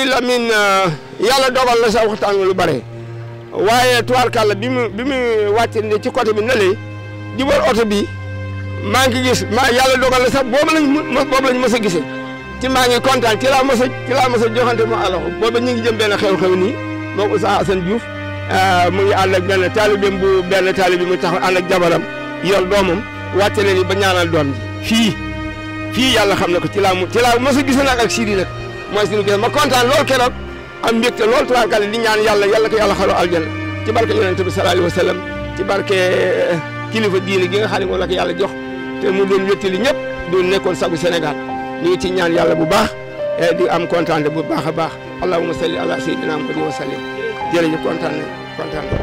Sidi Lamine euh, yàlla dogal na sa waxtaan lu bare waaye tubaarkàlla bi mu bi mu wàcce ne ci côté bi na le di war oto bi maa ngi gis maa yàlla dogal na sax boobu lañ boobu lañ a gisee ci maa ngi kontaan ci laa mës a ci laa mës a joxante mu àll boobu ñu ngi jëm benn xew xew nii moom Oustaz Assane Diouf euh, mu ngi ànd ak benn taalibeem bu benn taalibe mu tax ànd ak jabaram yor doomam wàcce leen ni ba ñaanal doom ji fii fii yàlla xam na ko ci laa mu ci laa mës a gisee nag mooy suñu gën ma kontaan lool keroog am mbégte lool tubaarkàlla di ñaan yàlla yàlla ko yàlla xaru aljana ci barke yonente bi sallallahu alayhi ci barke eh, kilifa diine gi nga xam ne moom yàlla jox te mu doon wéttali ñëpp doon nekkoon sagu senegal ñu ngi ci ñaan yàlla bu baax eh, di am kontaan bu baax a baax allahumma salli ala sayyidina muhammadin wa sallim jërëjëf kontaan nañ kontaan nañ.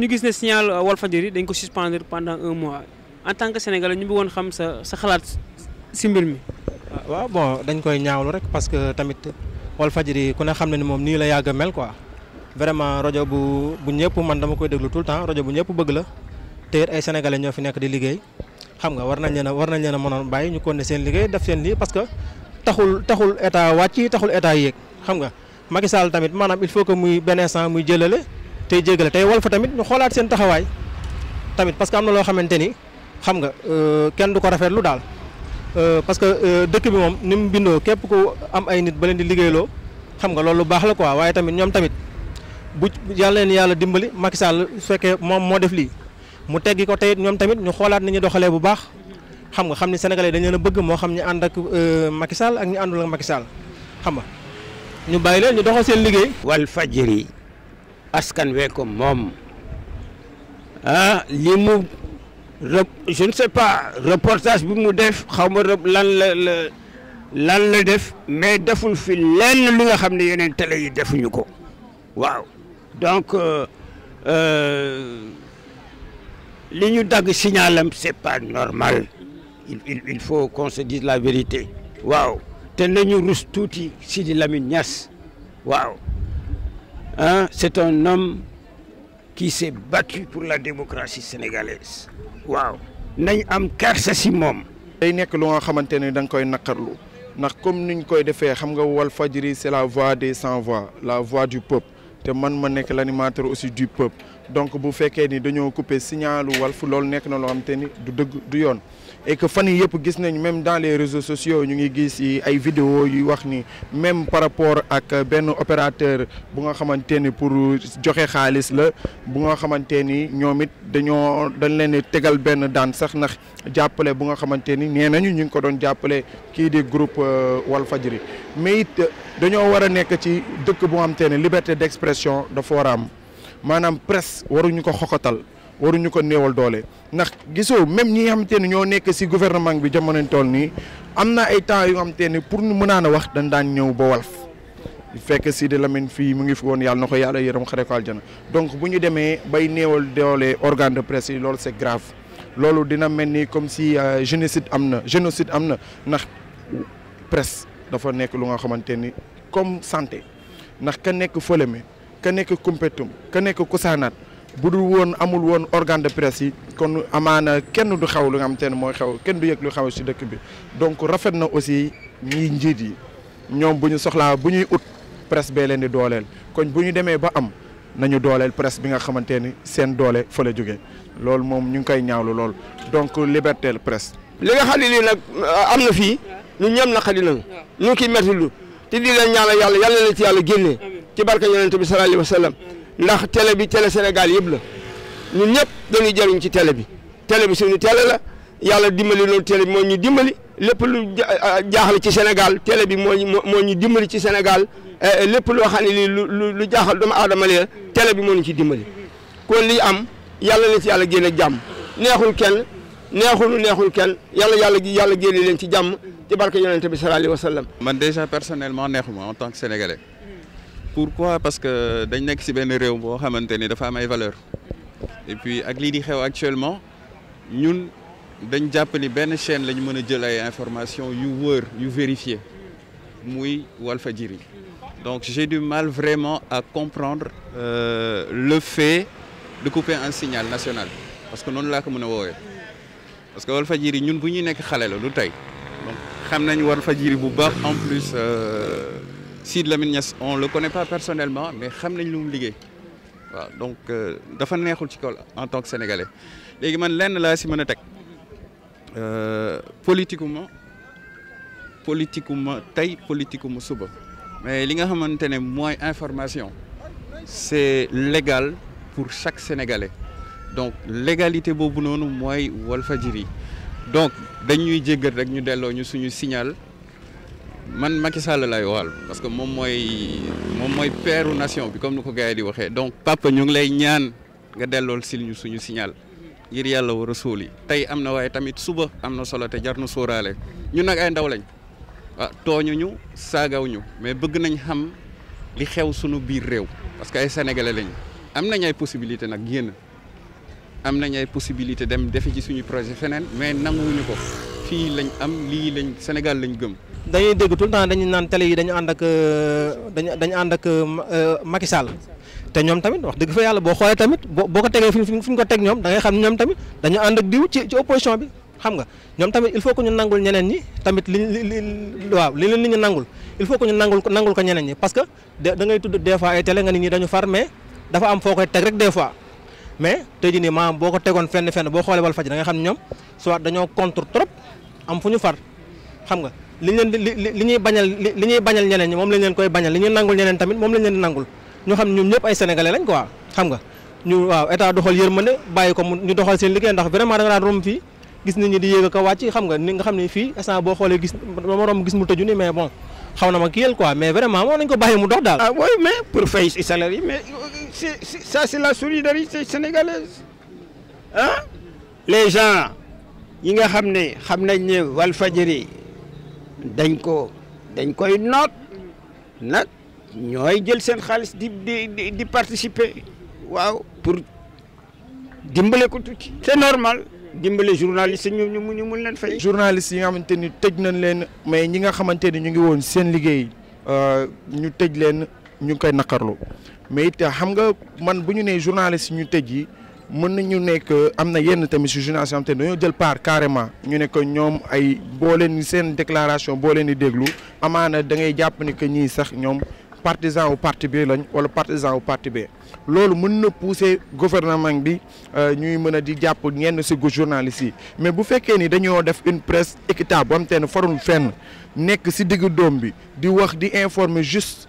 ñu gis ne signal Walfadjri dañ ko suspendre pendant un mois. en tant que sénégalais ñu bëggoon xam sa sa xalaat si mbir mi. Ah, waaw bon dañ koy ñaawlu rek parce que tamit Walfadjri ku ne xam ne ni moom nii la yàgg mel quoi vraiment rajo bu bu ñëpp man dama koy déglu tout le temps rajo bu ñëpp bëgg la te ay sénégalais ñoo fi nekk di liggéey xam nga war nañ leen a war nañ leen a mënoon bàyyi ñu continuer seen liggéey def seen lii parce que taxul taxul état wàcc taxul état yéeg xam nga Macky Sall tamit il faut que muy beneen instant muy jëlale tey jégale tey Walf tamit ñu xoolaat seen taxawaay tamit parce que am na loo xamante ni xam nga euh, kenn du ko rafetlu daal euh, parce que euh, dëkk bi moom ni mu bindoo képp ko am ay nit ba leen di liggéeyloo xam nga loolu lu baax la ko waaye tamit ñoom tamit bu yàlla leen yàlla dimbali Macky Sall moom moo def lii mu teggi ko teyit ñoom tamit ñu xoolaat ni ñu doxalee bu baax xam nga xam ni sénégalais dañ a bëgg moo xam ñu ànd ak ak ñu àndul ak Macky xam nga ñu bàyyi leen doxal seen liggéey. wal fajiri askan wee moom ah, li mu je ne pas reportage bi mu def xaw ma lan la la lan la def mais deful fi lenn li nga xam ne yeneen télé yi defuñu ko waaw donc euh, euh, li ñu dagg signalam c'est pas normal il il faut qu'on la vérité waaw te nañu rus tuuti Sidi Lamine Niass waaw ah c'est un homme qui s'est battu pour la démocratie sénégalaise waaw nañ am kersa si moom. day nekk lu nga xamante ne da nga koy naqarlu ndax comme ñu koy defee xam nga wal Walfadjri c'est la voix des sans voix la voix du peuple te man ma nekk l'animateur aussi du peuple. donc bu fekkee ni dañoo couper signalu Walf loolu nekk na loo xam te ni du dëgg du yoon et que fan yi yëpp gis nañ même dans les réseaux sociaux ñu ngi gis ay vidéo yuy wax ni même par rapport ak benn opérateur bu nga xamante ni pour joxe xaalis la bu nga xamante ni ñoom it dañoo dañ leen tegal benn daan sax nax jàppale bu nga xamante ni nee nañu ñu ngi ko doon jàppale kii di groupe euh, ri mais it dañoo war a nekk ci dëkk bu nga xamante ne liberté d'expression dafa war a am maanaam presse waruñu ko xoxatal waruñu ko néewal doole ndax gisoo même ñi nga xamante ne ñoo nekk ci gouvernement bi jamono toll nii am na ay temps yu nga xamante ne pour ñu mënaan a wax dañ daan ñëw ba walf fekk Sidi Lamine fii mu ngi fi woon yàlla na ko yàlla yërëm xare ko aljana donc bu ñu demee bay néewal doole organe de presse yi loolu c'est grave loolu dina mel ni comme si euh, génocide am na génocide am na ndax presse dafa nekk lu nga xamante ni comme santé ndax ka nekk fële mi ka nekk Koumpentoum ka nekk Kousanaat bu dul woon amul woon organe de presse yi kon amaana kenn du xaw lu nga am te ne mooy xaw kenn du yëg lu xaw si dëkk bi donc rafet na aussi ñiy njiit yi ñoom bu ñu soxlaa bu ñuy ut presse bee leen di dooleel kon bu ñu demee ba am nañu dooleel presse bi nga xamante ni seen doole fa la jógee loolu moom ñu ngi koy ñaawlu lool donc liberté la presse. li nga xam ne nag euh, am na fii ñun ñoom naqari nañu ñu ngi ciy métti lu te di leen ñaanal ci barka yonent bi sallallahu alayhi wa sallam ndax télé bi tele senegal yëpp la ñun ñëpp dañuy jëriñ ci télé bi télé bi suñu télé la yàlla dimbali loolu télé bi moo ñu dimbali lépp lu jaaxal ci Sénégal tele bi moo ñu moo ñu dimbali ci Sénégal e, e, lépp loo xam ne lii lu lu jaaxal doomu aadama la tele bi moo ñu ci dimbali kon lii am yàlla na ci yàlla génne jàmm neexul kenn neexul neexul kenn yàlla yàlla yàlla génne leen ci jàmm ci barke yonent bi sallallahu alayhi man déjà personnel neexuma en tant que sénégalais. pourquoi parce que dañ nekk si benn réew boo xamante ni dafa am ay valeur et puis ak lii di xew actuellement ñun dañ jàpp ni benn chaîne lañu mën a jël ay information yu wër yu vérifié muy wal fa Walfadjri donc j'ai du mal vraiment à comprendre euh, le fait de couper un signal national parce que noonu laa ko mën a woowee parce que Walfadjri ñun bu ñuy nekk xale la lu tey donc xam nañ Walfadjri bu baax en plus euh, Sidy Lamine Niass on le connaît pas personnellement mais xam nañ lu mu liggéey waaw donc euh, dafa neexul ci kaw en tant que sénégalais léegi man lenn laa si mën a teg politiquement euh, politiquement tey politiquement suba mais li nga xamante ne mooy information c'est légal pour chaque sénégalais donc légalité boobu noonu mooy Walfadjri donc dañuy jéggat rek ñu delloo ñu suñu signal. man Macky Sall lay waxal parce que moom mooy moom mooy peeru nation bi comme ni ko gars di waxee donc papa ñu ngi lay ñaan nga dellool si ñu suñu signal ngir yàlla war a sóol tey am na waaye tamit suba am na solo te jar na sooraale ñu nag ay ndaw lañ ah tooñu ñu saagaw ñu mais bëgg nañ xam li xew suñu biir réew parce que ay sénégalais lañ am nañ ay possibilité nag génn am nañ ay possibilité dem defe ci suñu projet feneen mais nanguwuñu ko fii lañ am lii lañ Sénégal lañ gëm dañuy dégg tout le temps dañu naan télé yi dañu ànd ak euh, dañu dañu ànd ak euh, Macky Sall te ñoom tamit wax dëgg fa yàlla boo xoolee tamit boo ko tegee fi ñu ko teg ñoom da xam ne ñoom tamit dañu ànd ak nga ñoom tamit il faut que ñu nangul ñeneen ñi tamit li li waaw li leen nit ñi nangul il faut que ñu nangul nangul ko ñeneen ñi parce que da ngay tudd des fois ay télé nga nit ñi dañu far mais dafa am foo koy teg rek des fois mais tey jii nii maanaam boo ko tegoon fenn fenn boo xoolee Walfadjri da nga xam ne ñoom soit dañoo contre trop am fu ñu far xam nga li ñu leen di li li ñuy bañal li ñuy bañal ñeneen ñi moom lañ leen koy bañal li ñuy nangul ñeneen tamit moom lañ leen di nangul ñu xam ñun ñëpp ay sénégalais lañ quoi xam nga ñu waaw état doxal yërmande bàyyi ko mu ñu doxal seen liggéey ndax vraiment da nga daan romb fii gis nit ñi di yéeg a ko wàcc xam nga ni nga xam ne fii instant boo xoolee gis dama romb gis mu tëju ni mais bon xaw na ma kiyal quoi mais vraiment moo nañ ko bàyyi mu dox daal. ah oui mais pour fay si salarié mais c'est ça c'est la solidarité sénégalaise ah. les gens yi nga xam ne xam nañ ne Walfadjri dañ ko dañ koy noot nag ñooy jël seen xaalis di di di participer waaw pour dimbale ko tuuti c'est normal dimbale journaliste ñu ñu ñu mun leen fay. journaliste yi nga xamante ni tëj nañ leen mais ñi nga xamante ni ñu ngi woon seen liggéey euh, ñu tëj leen ñu ngi koy naqarlu mais it xam nga man bu ñu nee journaliste ñu tëj yi. mën nañu nekk am na yenn tamit si journaliste yoo xam te dañoo jël part carrément ñu ne que ñoom ay boo leen seen déclaration boo leen di déglu amaana da ngay jàpp ni que ñii sax ñoom partisan wu parti bi lañ wala partisan wu parti bi loolu mën na pousser gouvernement bi euh, ñuy mën a di jàpp ñenn si journalistes yi mais bu fekkee ni dañoo def une presse équitable bu am te ne farul fenn nekk si diggu doom bi di wax di informer juste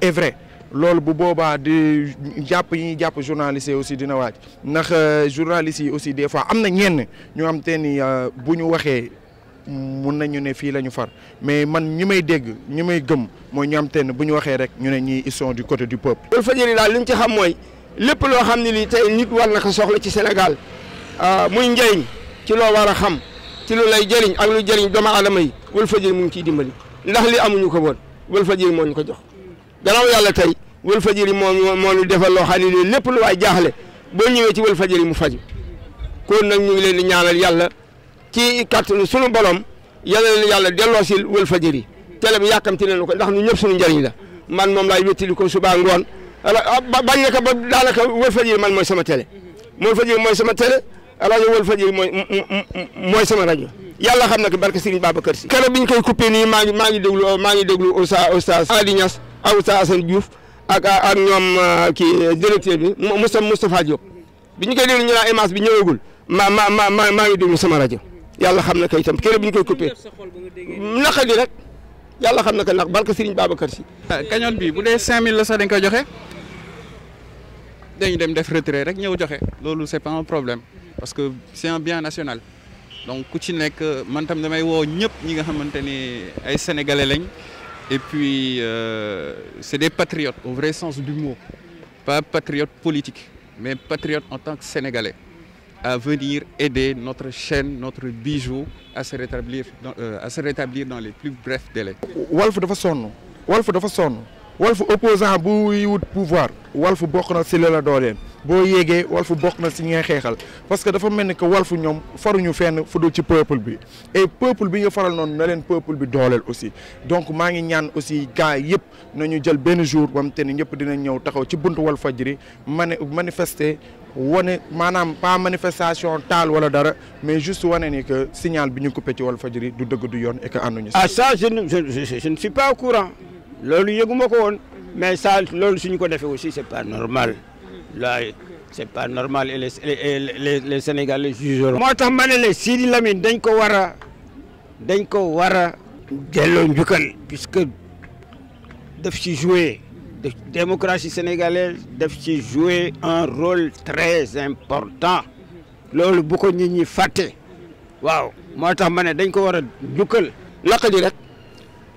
et vrai. loolu bu boobaa di jàpp yi ñuy jàpp journalistes yi aussi dina waaj ndax euh, journalistes yi aussi des fois am na ñenn ñu am te ni euh, bu ñu waxee mun nañu ne fii la ñu far mais man ñi may dégg ñi may gëm mooy ñu am te bu ñu waxee rek ñu ne ñii ils sont du côté du peuple. Walfadjri daal li ñu ci xam mooy lépp loo xam ne lii tey nit war na ko soxla ci Sénégal euh, muy njëriñ ci loo war a xam ci lu lay jëriñ ak lu jëriñ doomu aadama yi Walfadjri mu ngi ciy dimbali ndax li amuñu ko woon Walfadjri moo ñu ko jox. gannaaw yàlla tey wal fajiri moo moo ñu defal loo xam ne nii lépp lu waay jaaxle boo ñëwee ci wal fajiri mu faju ko nag ñu ngi leen di ñaanal yàlla ci kàttanu sunu borom yàlla leen yàlla delloosil wal fajiri télé bi yàkkamti nañu ko ndax ñu ñëpp sunu njariñ la man moom laay wéttali ko subaa ngoon ah, bañ na ko ba daanaka wal fajiri man mooy sama télé wal fajiri mooy sama télé rajo wal fajiri mooy sama rajo yàlla xam na ko barke Serigne Babacar Sy keroog bi ñu koy coupé nii ngi maa ngi déglu maa ngi déglu Oustaz Oustaz Adi Niass aw Assane Diouf ak ak ñoom euh, kii euh, directeur bi Moussa Moustapha Diop bi ñu koy déglu ñu naan image bi ñëwagul ma ma ma maa ngi déglu sama rajo yàlla xam na kay itam kër bi ñu koy coupé naqa di rek yàlla xam na ka ndax barke Serigne Babacar si. kañoon bi bu dee 5000 la sax dañ koy joxe dañ dem def retrait rek ñëw joxe loolu c'est pas un problème parce que c'est un bien national donc ku ci nekk man tam damay woo ñëpp ñi nga xamante ni ay sénégalais lañ. Et puis, euh, c'est des patriotes au vrai sens du mot. Pas patriotes politiques, mais patriotes en tant que Sénégalais. À venir aider notre chaîne, notre bijou à se rétablir dans, euh, à se rétablir dans les plus brefs délais. Walf dafa sonn Walf dafa sonn Walf opposant buy wut pouvoir Walf bokk na si la la dooleem. boo yéegee Walf bokk na si ñi ngay xeexal parce que dafa mel ni que Walf ñoom faruñu fenn fu dul ci peuple bi et peuple bi nga faral noonu na leen peuple bi dooleel aussi donc maa ngi ñaan aussi gars yëpp ñu jël benn jour bam te ni ñëpp dinañ ñëw taxaw ci buntu Walfadjri manifeste manifester wane maanaam pas manifestation taal wala dara mais juste wane ni que signal bi ñu coupé ci Walfadjri du dëgg du yoon et que ànduñu ah ça je ne je ne suis pas au courant loolu yëguma ko woon mais ça loolu suñu ko defee aussi c'est pas normal là c'est pas normal et les les les les Sénégalais jugeront. moo tax ma ne la Sidi Lamine dañ ko war a dañ ko war a delloo njukkal puisque def ci jouer de démocratie sénégalaise daf ci jouer un rôle très important loolu bu ko nit ñi fàtte waaw moo tax mane dañ ko war a njukkal. laq di rek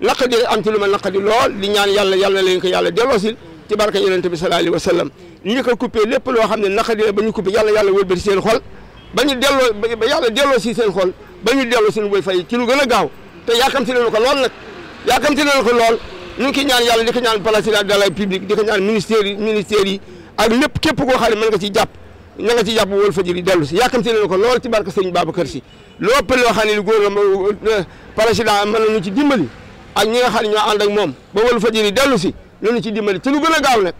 laq di am ci lu ma laq di lool di ñaan yàlla yàlla na leen ko yàlla delloosil. ci barke yonent bi sallallahu alayhi wa sallam ñi ko coupé lépp loo xam ne ba ñu coupé yàlla yàlla wëlbati seen xol ba ñu delloo si seen xol ba ñu delloo seen woy fay ci lu gën a gaaw te yaakamti nañu ko lool nag yaakamti nañu ko lool ñu ki ñaan yàlla di ko ñaan place de la République di ko ak lépp képp koo xam ne mën nga ci jàpp na nga ci jàpp wal fajir yi dellu si yaakamti nañu ko lool ci barke sëñ Babacar Si loo ëpp loo xam dimbali ak ñi nga xam ne ñoo ànd ak si lu ñu ci dimbali ci lu gën a gaaw nag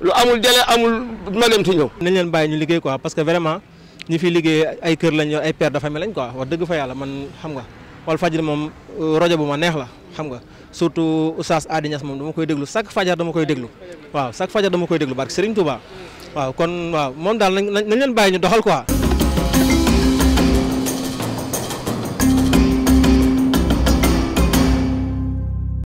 lu amul délai amul ma dem ti ñëw. nañ leen bàyyi ñu liggéey ko parce que vraiment ñi fi liggéey ay kër lañ yor ay père de famille lañ quoi wax dëgg fa yàlla man xam nga wal fajri moom euh, rajo bu ma neex la xam nga surtout Oustaz Adi Niass moom dama koy déglu chaque fajar dama koy déglu waaw chaque fajar dama koy déglu barke Serigne Touba waaw kon waaw moom daal nañ leen bàyyi ñu doxal quoi.